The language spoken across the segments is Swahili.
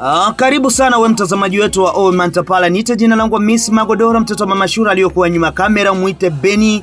Uh, karibu sana we mtazamaji wetu wa All mantapala Pala. Niite jina langu Miss Magodoro, mtoto wa mama Shura aliyokuwa nyuma kamera, muite Beni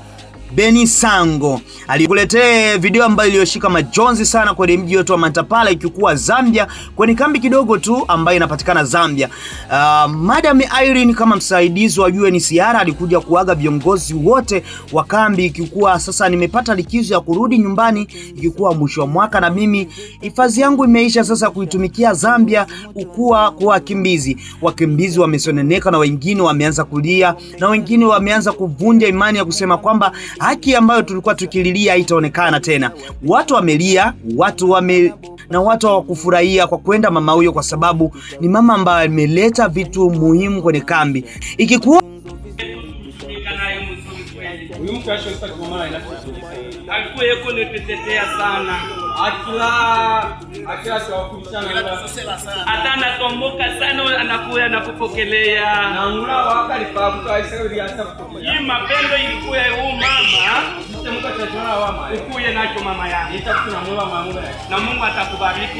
Beni Sango alikuletea video ambayo iliyoshika majonzi sana kwenye mji wetu wa Matapala ikikuwa Zambia, kwenye kambi kidogo tu ambayo inapatikana Zambia. Uh, Madam Irene kama msaidizi wa UNHCR alikuja kuaga viongozi wote wa kambi, ikikuwa sasa nimepata likizo ya kurudi nyumbani, ikikuwa mwisho wa mwaka, na mimi hifadhi yangu imeisha sasa kuitumikia Zambia, ukuwa kwa wakimbizi. Wakimbizi wamesoneneka na wengine wameanza kulia na wengine wameanza kuvunja imani ya kusema kwamba haki ambayo tulikuwa tukililia itaonekana tena. Watu wamelia, watu wame na watu hawakufurahia kwa kwenda mama huyo, kwa sababu ni mama ambaye ameleta vitu muhimu kwenye kambi ikikuwa uyu mfasha usakoma alikuwa yeko netetetea sana akila akila sawakubishana hata anatomboka sana anakuya anakupokelea nangula wakalipakuka isailiasa kupokelea hii mapendo ilikuya huu mama ukuye nacho mama yake na Mungu atakubariki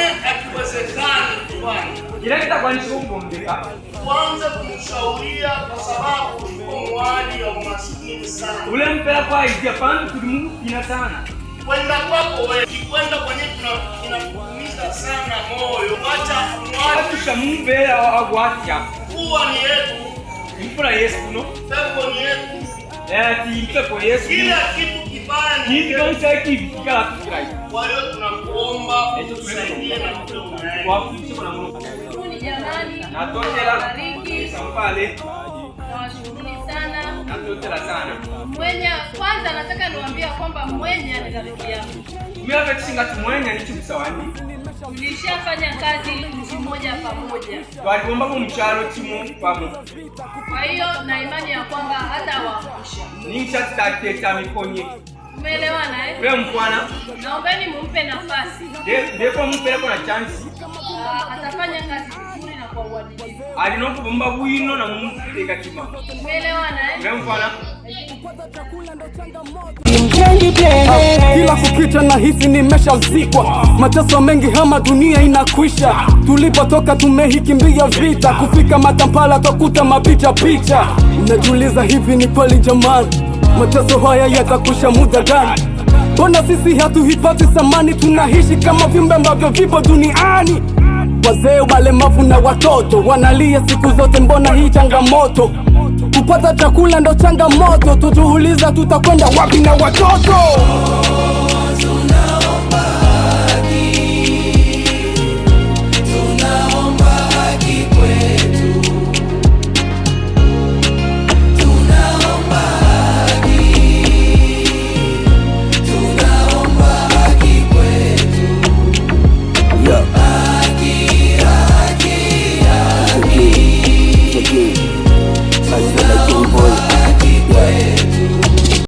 uwezekani kufanya ukileta kwa nchi huko mlika kwanza kumshauria, kwa sababu iko mwali ya umasikini sana. ule mpelako aijapani kulimukina sana kwenda kwako wewe kikwenda kwenye kinakuumiza sana moyo. Acha mwatisha mumbea agwatya kuwa ni yetu mfura Yesu no pepo ni yetu eh tiita kwa Yesu kila kitu kibaya ni kitu kile kibaya walio tuna Naomba mtusaidie kwanza nataka niwaambia kwamba Mwenya ni rafiki yangu. Miavetishinga kazi nchi moja pamoja. Walivombapo mchalo timu pamoja. Kwa hiyo na imani ya kwamba hata wakusha. Nimsha tutatetamikonye Umeelewana eh? Wewe Naombeni mumpe nafasi. Ndipo mpe hapo na chance. Ah, atafanya kazi zikwa na kwa uadilifu. bomba na mumpe Umeelewana eh? Wewe Kila kukicha na hisi nimeshazikwa, mateso mengi hama dunia inakwisha. Tulipotoka tumehikimbia vita, kufika Matampala twakuta mapicha picha. Najiuliza hivi ni kweli jamani mateso haya yatakusha muda gani? Mbona sisi hatuhifadhi samani, tunaishi kama viumbe ambavyo vipo duniani. Wazee, walemavu na watoto wanalia siku zote, mbona hii changamoto? Kupata chakula ndo changamoto, tutuuliza tutakwenda wapi na watoto